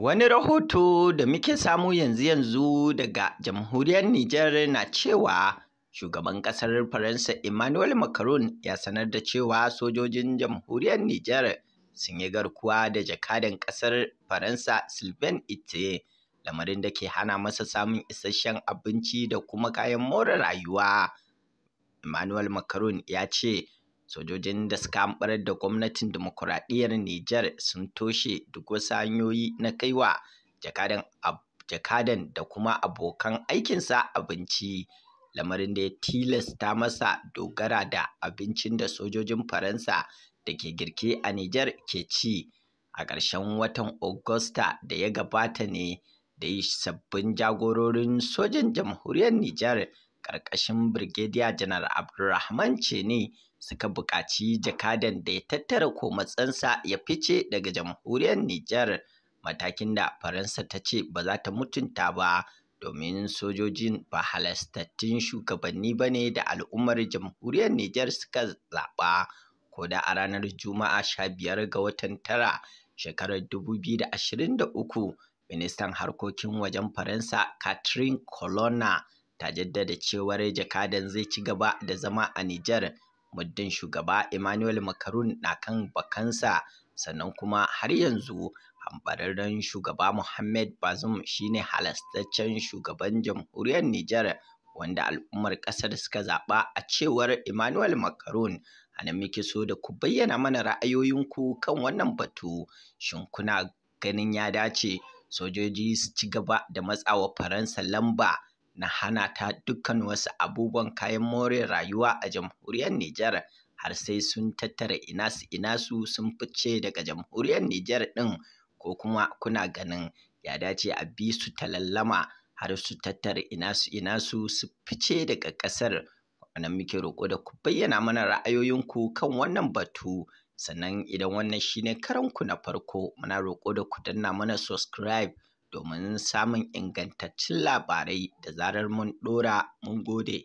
Wani rahoto da muke samu yanzu-yanzu daga Jamhuriyar Nijar na cewa Shugaban ƙasar Faransa Emmanuel Macron ya sanar da cewa sojojin Jamhuriyar Nijar sun yi garkuwa da jakadan ƙasar Faransa Sylvain Ite, lamarin da ke hana masa samun isasshen abinci da kuma kayan more rayuwa. Emmanuel Macron ya ce sojojin da suka ambarar da gwamnatin demokuraɗiyyar Nijar sun toshe duk wasu hanyoyi na kaiwa jakadan jakadan da kuma abokan aikinsa abinci lamarin da ya tilasta masa dogara da abincin da sojojin Faransa da ke girke a Nijar ke ci a ƙarshen watan Agusta da ya gabata ne da yi sabbin jagororin sojan jamhuriyar Nijar ƙarƙashin Birgediya Janar Abdulrahman ce ne suka buƙaci jakadan da ya tattara komatsansa ya fice daga jamhuriyar Nijar matakin da Faransa ta ce ba za ta mutunta ba domin sojojin ba halastattun shugabanni ba ne da al'ummar jamhuriyar Nijar suka zaɓa ko da a ranar Juma'a sha biyar ga watan tara shekarar 2023 ministan harkokin wajen Faransa Catherine Colonna ta jaddada cewar jakadan zai ci gaba da zama a Nijar muddin shugaba Emmanuel Macron na kan bakansa sannan kuma har yanzu hambararren shugaba Mohammed Bazoum shine halastaccen shugaban jamhuriyar Nijar wanda al'ummar ƙasar suka zaɓa a cewar Emmanuel Macron ana muke so da ku bayyana mana ra'ayoyinku kan wannan batu shin kuna ganin ya dace sojoji su ci gaba da matsawa Faransa lamba na hana ta dukkan wasu abubuwan kayan more rayuwa a jamhuriyar Nijar har sai sun tattara ina su ina su sun fice daga jamhuriyar Nijar din? ko kuma kuna ganin ya dace a bi su talallama har su tattara ina su ina su fice daga kasar? wannan muke roƙo da ku bayyana mana ra'ayoyinku kan wannan batu sannan idan wannan shine karanku na farko muna roƙo da ku danna mana subscribe domin samun ingantaccen labarai da zarar mun ɗora mun gode.